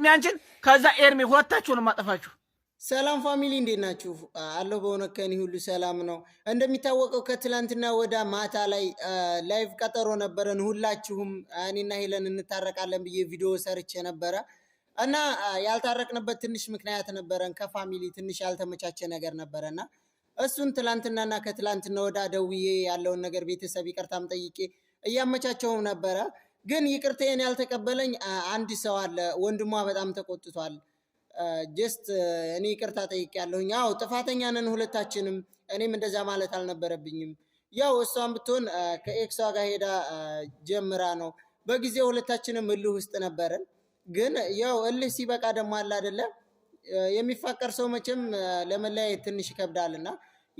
ቅድሚያ ከዛ ኤርሜ ሁለታችሁንም ማጠፋችሁ። ሰላም ፋሚሊ እንዴት ናችሁ? አለው በሆነ ከኒ ሁሉ ሰላም ነው። እንደሚታወቀው ከትላንትና ወደ ማታ ላይ ላይቭ ቀጠሮ ነበረን። ሁላችሁም እኔና ሄለን እንታረቃለን ብዬ ቪዲዮ ሰርቼ ነበረ እና ያልታረቅንበት ትንሽ ምክንያት ነበረን። ከፋሚሊ ትንሽ ያልተመቻቸ ነገር ነበረና እሱን ትላንትናና ከትላንትና ወደ ደውዬ ያለውን ነገር ቤተሰብ ይቅርታም ጠይቄ እያመቻቸውም ነበረ ግን ይቅርታዬን ያልተቀበለኝ አንድ ሰው አለ። ወንድሟ በጣም ተቆጥቷል። ጀስት እኔ ይቅርታ ጠይቄያለሁኝ። ያው ጥፋተኛ ነን ሁለታችንም፣ እኔም እንደዛ ማለት አልነበረብኝም። ያው እሷን ብትሆን ከኤክሷ ጋር ሄዳ ጀምራ ነው። በጊዜ ሁለታችንም እልህ ውስጥ ነበርን። ግን ያው እልህ ሲበቃ ደግሞ አለ አይደለ፣ የሚፋቀር ሰው መቼም ለመለያየት ትንሽ ይከብዳልና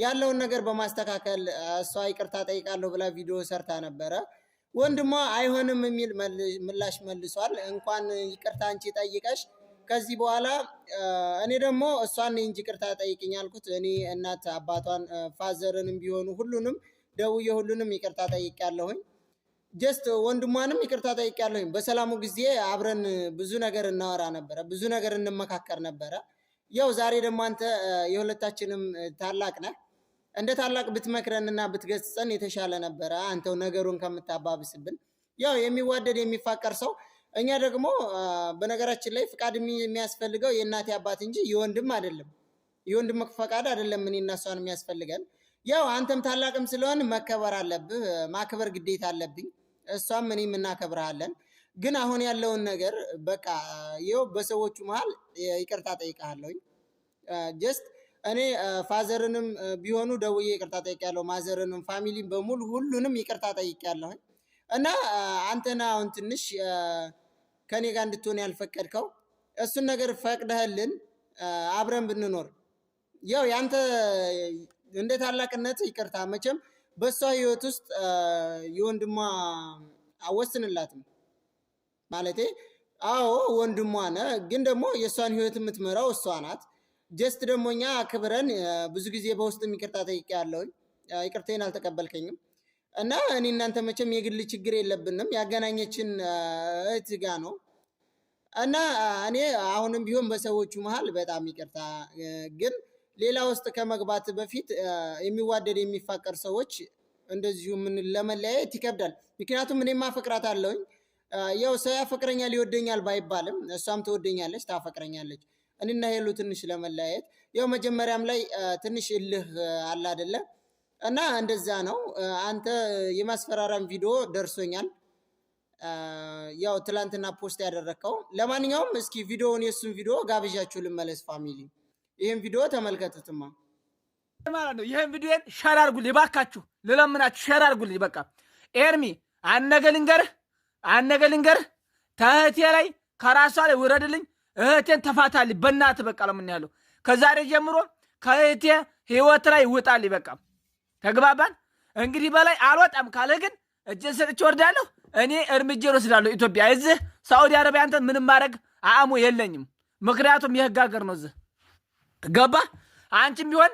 ያለውን ነገር በማስተካከል እሷ ይቅርታ ጠይቃለሁ ብላ ቪዲዮ ሰርታ ነበረ። ወንድሟ አይሆንም የሚል ምላሽ መልሷል። እንኳን ይቅርታ አንቺ ጠይቀሽ ከዚህ በኋላ እኔ ደግሞ እሷን እንጂ ቅርታ ጠይቅኝ አልኩት። እኔ እናት አባቷን ፋዘርንም ቢሆኑ ሁሉንም ደውዬ ሁሉንም ይቅርታ ጠይቅ ያለሁኝ ጀስት ወንድሟንም ይቅርታ ያለሁኝ። በሰላሙ ጊዜ አብረን ብዙ ነገር እናወራ ነበረ፣ ብዙ ነገር እንመካከር ነበረ። ያው ዛሬ ደግሞ አንተ የሁለታችንም ታላቅ ነህ እንደ ታላቅ ብትመክረንና ብትገስጸን የተሻለ ነበረ፣ አንተው ነገሩን ከምታባብስብን። ያው የሚዋደድ የሚፋቀር ሰው እኛ ደግሞ በነገራችን ላይ ፍቃድ የሚያስፈልገው የእናቴ አባት እንጂ የወንድም አይደለም። የወንድም ፈቃድ አይደለም እኔ እና እሷን የሚያስፈልገን። ያው አንተም ታላቅም ስለሆን መከበር አለብህ፣ ማክበር ግዴታ አለብኝ። እሷም እኔም እናከብረሃለን። ግን አሁን ያለውን ነገር በቃ ይኸው በሰዎቹ መሀል ይቅርታ ጠይቀሃለሁኝ ጀስት እኔ ፋዘርንም ቢሆኑ ደውዬ ይቅርታ ጠይቄያለሁ። ማዘርንም፣ ፋሚሊን በሙሉ ሁሉንም ይቅርታ ጠይቄያለሁ። እና አንተና አሁን ትንሽ ከኔ ጋር እንድትሆን ያልፈቀድከው እሱን ነገር ፈቅደህልን አብረን ብንኖር ያው ያንተ እንደ ታላቅነት ይቅርታ መቼም በእሷ ህይወት ውስጥ የወንድሟ አወስንላትም ማለቴ አዎ ወንድሟ ነህ፣ ግን ደግሞ የእሷን ህይወት የምትመራው እሷ ናት። ጀስት ደግሞ እኛ አክብረን ብዙ ጊዜ በውስጥም ይቅርታ ጠይቄ ያለውኝ ይቅርታዬን አልተቀበልከኝም እና እኔ እናንተ መቼም የግል ችግር የለብንም። ያገናኘችን እህት ጋ ነው እና እኔ አሁንም ቢሆን በሰዎቹ መሀል በጣም ይቅርታ ግን ሌላ ውስጥ ከመግባት በፊት የሚዋደድ የሚፋቀር ሰዎች እንደዚሁ ምን ለመለያየት ይከብዳል። ምክንያቱም እኔ ማፈቅራት አለውኝ ያው ሰው ያፈቅረኛል ይወደኛል ባይባልም እሷም ትወደኛለች ታፈቅረኛለች። እኔና ሄሉ ትንሽ ለመለያየት ያው መጀመሪያም ላይ ትንሽ እልህ አለ አይደለም እና እንደዛ ነው። አንተ የማስፈራሪያም ቪዲዮ ደርሶኛል፣ ያው ትላንትና ፖስት ያደረግከው። ለማንኛውም እስኪ ቪዲዮውን የእሱን ቪዲዮ ጋብዣችሁ ልመለስ። ፋሚሊ ይህን ቪዲዮ ተመልከቱትማ ማለት ነው። ይህን ቪዲዮን ሸር አድርጉልኝ እባካችሁ፣ ልለምናችሁ ሸር አድርጉልኝ። በቃ ኤርሚ አነገ ልንገርህ፣ አነገ ልንገርህ፣ ተህቴ ላይ ከራሷ ላይ ውረድልኝ እህቴን ተፋታል በእናት በቃ ለምን ያለው ከዛሬ ጀምሮ ከእህቴ ህይወት ላይ ይውጣል። በቃ ተግባባን። እንግዲህ በላይ አልወጣም ካለ ግን እጄን ሰጥቼ ወርዳለሁ። እኔ እርምጃ ወስዳለሁ። ኢትዮጵያ እዚህ ሳዑዲ አረቢያ ምንም ማድረግ አእሙ የለኝም። ምክንያቱም የህግ ሀገር ነው። እዚህ ገባ። አንቺም ቢሆን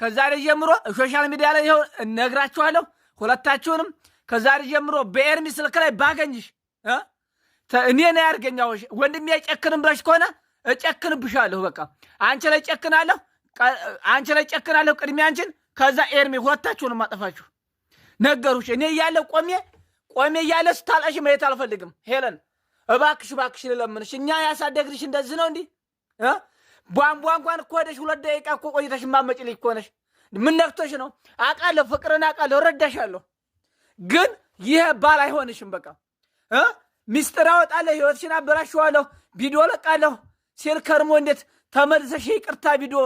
ከዛሬ ጀምሮ ሶሻል ሚዲያ ላይ ይኸው እነግራችኋለሁ ሁለታችሁንም ከዛሬ ጀምሮ በኤርሚ ስልክ ላይ ባገኝሽ እኔ ነ ያርገኛ ወንድሜ አይጨክንም ብለሽ ከሆነ እጨክንብሻለሁ። በቃ አንቺ ላይ ጨክናለሁ፣ አንቺ ላይ ጨክናለሁ። ቅድሚያ አንቺን፣ ከዛ ኤርሜ ሁለታችሁን ማጠፋችሁ ነገሩሽ። እኔ እያለ ቆሜ ቆሜ እያለ ስታላሽ መሄድ አልፈልግም። ሄለን እባክሽ እባክሽ ልለምንሽ፣ እኛ ያሳደግንሽ እንደዚህ ነው እንዲህ ቧንቧ እንኳን እኮ ሄደሽ ሁለት ደቂቃ እኮ ቆይተሽ ማመጭልኝ እኮ ነሽ። ምን ነክቶሽ ነው? አውቃለሁ፣ ፍቅርን አውቃለሁ፣ እረዳሻለሁ። ግን ይሄ ባል አይሆንሽም በቃ ሚስጥር አወጣለሁ፣ ህይወትሽን አበላሽዋለሁ፣ ቪዲዮ ለቃለሁ ሲል ከርሞ እንዴት ተመልሰሽ ይቅርታ ቪዲዮ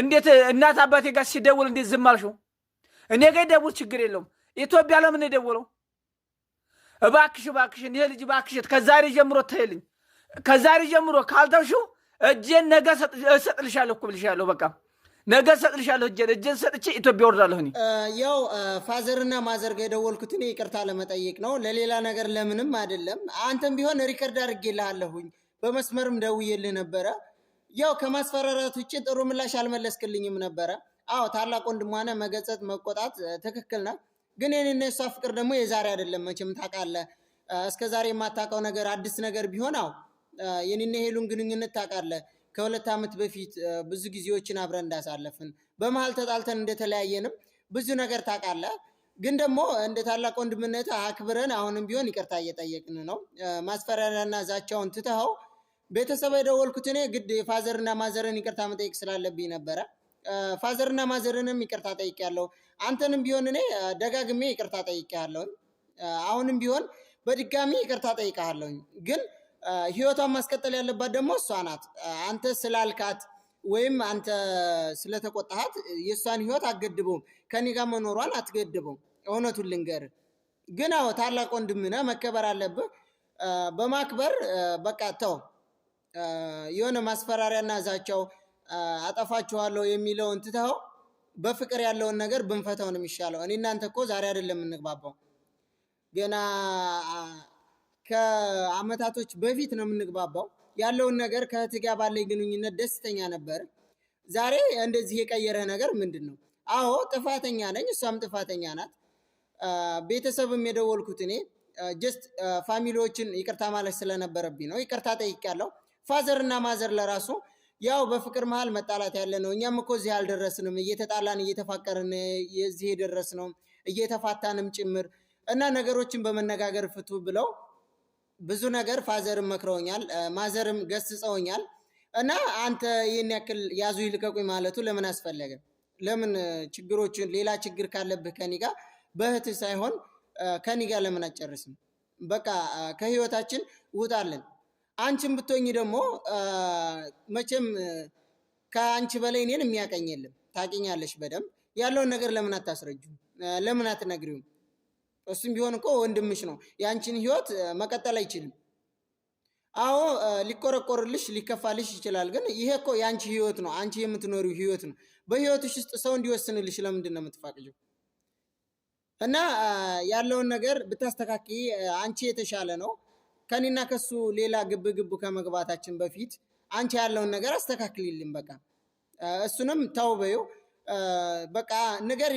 እንዴት እናት አባቴ ጋር ሲደውል እንዴት ዝም አልሽው? እኔ ጋ ደውል ችግር የለውም። ኢትዮጵያ ለምን የደወለው? እባክሽ እባክሽን ይሄ ልጅ እባክሽ ከዛሬ ጀምሮ ተይልኝ፣ ከዛሬ ጀምሮ ካልተውሽው እጄን ነገ እሰጥልሻለሁ እኮ ብልሻለሁ በቃ ነገ ሰጥልሻለሁ። እጄን እጄን ሰጥቼ ኢትዮጵያ ወርዳለሁ። ያው ፋዘርና ማዘር ጋር የደወልኩት እኔ ይቅርታ ለመጠየቅ ነው፣ ለሌላ ነገር ለምንም አይደለም። አንተም ቢሆን ሪከርድ አድርጌልሃለሁኝ፣ በመስመርም ደውዬልህ ነበረ። ያው ከማስፈራራት ውጭ ጥሩ ምላሽ አልመለስክልኝም ነበረ። አዎ ታላቅ ወንድሟነ መገጸት፣ መቆጣት ትክክል ነው። ግን የኔና የሷ ፍቅር ደግሞ የዛሬ አይደለም። መቼም ታውቃለህ። እስከዛሬ የማታውቀው ነገር አዲስ ነገር ቢሆን አዎ የኔና ሄሉን ግንኙነት ታውቃለህ ከሁለት ዓመት በፊት ብዙ ጊዜዎችን አብረን እንዳሳለፍን በመሀል ተጣልተን እንደተለያየንም ብዙ ነገር ታውቃለህ። ግን ደግሞ እንደ ታላቅ ወንድምነት አክብረን አሁንም ቢሆን ይቅርታ እየጠየቅን ነው። ማስፈራሪያና ዛቻውን ትተኸው ቤተሰብ የደወልኩት እኔ ግድ ፋዘርና ማዘርን ይቅርታ መጠየቅ ስላለብኝ ነበረ። ፋዘርና ማዘርንም ይቅርታ ጠይቄያለሁ። አንተንም ቢሆን እኔ ደጋግሜ ይቅርታ ጠይቄያለሁ። አሁንም ቢሆን በድጋሚ ይቅርታ ጠይቄሃለሁ ግን ህይወቷን ማስቀጠል ያለባት ደግሞ እሷ ናት። አንተ ስላልካት ወይም አንተ ስለተቆጣሃት የእሷን ህይወት አትገድበውም። ከኔ ጋር መኖሯን አትገድበውም። እውነቱን ልንገር ግን አዎ ታላቅ ወንድም ነህ፣ መከበር አለብህ። በማክበር በቃ ተው። የሆነ ማስፈራሪያና ዛቻው አጠፋችኋለሁ የሚለውን ትተው በፍቅር ያለውን ነገር ብንፈተው ነው የሚሻለው። እኔ እናንተ እኮ ዛሬ አይደለም የምንግባባው ገና ከአመታቶች በፊት ነው የምንግባባው። ያለውን ነገር ከእህት ጋር ባለኝ ግንኙነት ደስተኛ ነበር። ዛሬ እንደዚህ የቀየረ ነገር ምንድን ነው? አዎ ጥፋተኛ ነኝ፣ እሷም ጥፋተኛ ናት። ቤተሰብም የደወልኩት እኔ ጀስት ፋሚሊዎችን ይቅርታ ማለት ስለነበረብኝ ነው። ይቅርታ ጠይቄያለሁ። ፋዘር እና ማዘር ለራሱ ያው በፍቅር መሀል መጣላት ያለ ነው። እኛም እኮ እዚህ አልደረስንም፣ እየተጣላን እየተፋቀርን እዚህ የደረስነው እየተፋታንም ጭምር እና ነገሮችን በመነጋገር ፍቱ ብለው ብዙ ነገር ፋዘርም መክረውኛል፣ ማዘርም ገስጸውኛል። እና አንተ ይህን ያክል ያዙ ይልቀቁኝ ማለቱ ለምን አስፈለገ? ለምን ችግሮችን ሌላ ችግር ካለብህ ከኔ ጋር ሳይሆን ከኔ ጋር ለምን አጨርስም? በቃ ከህይወታችን ውጣለን። አንቺም ብትሆኝ ደግሞ መቼም ከአንቺ በላይ እኔን የሚያቀኝ የለም። ታውቂኛለሽ በደንብ ያለውን ነገር ለምን አታስረጁም? ለምን አትነግሪውም? እሱም ቢሆን እኮ ወንድምሽ ነው። ያንቺን ህይወት መቀጠል አይችልም። አዎ ሊቆረቆርልሽ፣ ሊከፋልሽ ይችላል። ግን ይሄ እኮ የአንቺ ህይወት ነው። አንቺ የምትኖሪው ህይወት ነው። በህይወትሽ ውስጥ ሰው እንዲወስንልሽ ለምንድን ነው የምትፋቅጂው? እና ያለውን ነገር ብታስተካክይ አንቺ የተሻለ ነው። ከኔና ከሱ ሌላ ግብ ግብ ከመግባታችን በፊት አንቺ ያለውን ነገር አስተካክልልኝ። በቃ እሱንም ተውበዩ። በቃ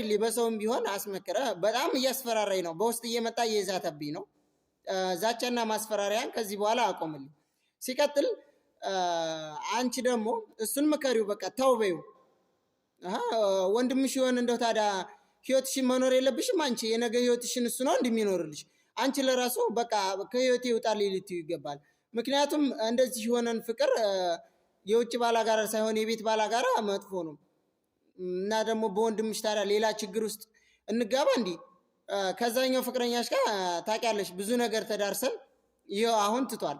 ይል በሰውም ቢሆን አስመክረ በጣም እያስፈራራኝ ነው፣ በውስጥ እየመጣ እየዛተብኝ ነው። ዛቻና ማስፈራሪያን ከዚህ በኋላ አቆምልኝ። ሲቀጥል አንቺ ደግሞ እሱን ምከሪው፣ በቃ ተው በይው። ወንድምሽ ይሆን እንደው ታዲያ ህይወትሽን መኖር የለብሽም አንቺ። የነገ ህይወትሽን እሱ ነው እንደሚኖርልሽ አንቺ ለራሱ በቃ ከህይወት ይውጣልኝ ልትዩ ይገባል። ምክንያቱም እንደዚህ የሆነን ፍቅር የውጭ ባላጋራ ሳይሆን የቤት ባላጋራ መጥፎ ነው። እና ደግሞ በወንድምሽ ታዲያ ሌላ ችግር ውስጥ እንጋባ እንዲ ከዛኛው ፍቅረኛሽ ጋር ታውቂያለሽ፣ ብዙ ነገር ተዳርሰን ይኸው አሁን ትቷል።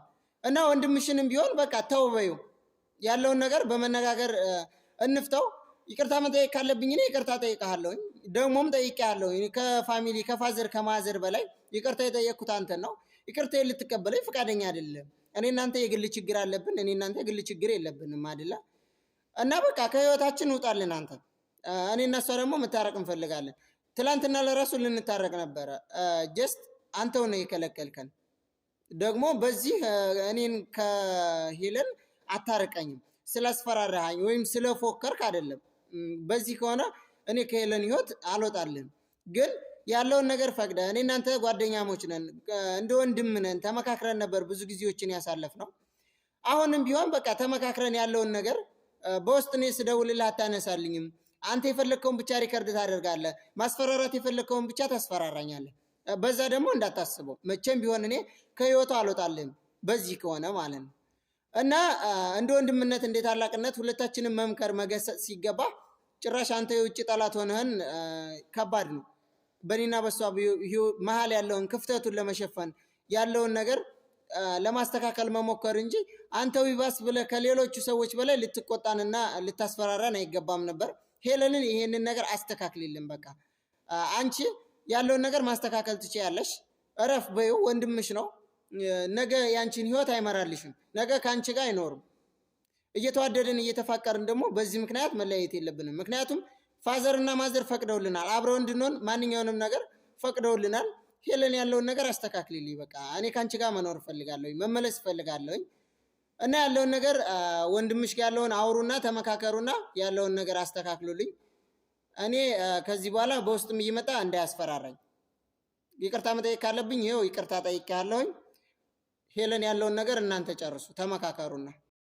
እና ወንድምሽንም ቢሆን በቃ ተው ያለውን ነገር በመነጋገር እንፍተው። ይቅርታ መጠየቅ ካለብኝ እኔ ይቅርታ ጠይቀሃለሁኝ፣ ደግሞም ጠይቄያለሁኝ። ከፋሚሊ ከፋዘር ከማዘር በላይ ይቅርታ የጠየቅኩት አንተን ነው። ይቅርታ ልትቀበለኝ ፈቃደኛ አይደለም። እኔ እናንተ የግል ችግር አለብን፣ እኔ እናንተ የግል ችግር የለብንም አይደለ? እና በቃ ከህይወታችን እንውጣልን አንተን እኔ እና እሷ ደግሞ መታረቅ እንፈልጋለን። ትላንትና ለራሱ ልንታረቅ ነበረ። ጀስት አንተው ነው የከለከልከን። ደግሞ በዚህ እኔን ከሄለን አታርቀኝም ስላስፈራራሃኝ ወይም ስለፎከርክ አይደለም። በዚህ ከሆነ እኔ ከሄለን ህይወት አልወጣልን። ግን ያለውን ነገር ፈቅደ እኔ እናንተ ጓደኛሞች ነን፣ እንደ ወንድም ነን። ተመካክረን ነበር ብዙ ጊዜዎችን ያሳለፍ ነው። አሁንም ቢሆን በቃ ተመካክረን ያለውን ነገር በውስጥ እኔ ስደውልልህ አታነሳልኝም አንተ የፈለግከውን ብቻ ሪከርድ ታደርጋለህ። ማስፈራራት የፈለግከውን ብቻ ታስፈራራኛለህ። በዛ ደግሞ እንዳታስበው መቼም ቢሆን እኔ ከህይወቱ አልወጣልህም። በዚህ ከሆነ ማለት ነው እና እንደ ወንድምነት እንደ ታላቅነት ሁለታችንም መምከር መገሰጽ ሲገባ ጭራሽ አንተ የውጭ ጠላት ሆነህን ከባድ ነው። በኔና በሷ መሀል ያለውን ክፍተቱን ለመሸፈን ያለውን ነገር ለማስተካከል መሞከር እንጂ አንተ ቢባስ ብለህ ከሌሎቹ ሰዎች በላይ ልትቆጣንና ልታስፈራራን አይገባም ነበር። ሄለንን ይሄንን ነገር አስተካክልልን። በቃ አንቺ ያለውን ነገር ማስተካከል ትችያለሽ። እረፍ በይ ወንድምሽ ነው። ነገ ያንቺን ህይወት አይመራልሽም። ነገ ከአንቺ ጋር አይኖርም። እየተዋደድን እየተፋቀርን ደግሞ በዚህ ምክንያት መለያየት የለብንም። ምክንያቱም ፋዘርና ማዘር ፈቅደውልናል፣ አብረው እንድንሆን ማንኛውንም ነገር ፈቅደውልናል። ሄለን ያለውን ነገር አስተካክልልኝ፣ በቃ እኔ ከአንቺ ጋር መኖር እፈልጋለሁኝ፣ መመለስ እፈልጋለሁኝ እና ያለውን ነገር ወንድምሽ ያለውን አውሩና ተመካከሩና ያለውን ነገር አስተካክሉልኝ። እኔ ከዚህ በኋላ በውስጥም እየመጣ እንዳያስፈራራኝ። ይቅርታ መጠየቅ ካለብኝ ይኸው ይቅርታ ያለውኝ። ሄለን ያለውን ነገር እናንተ ጨርሱ፣ ተመካከሩና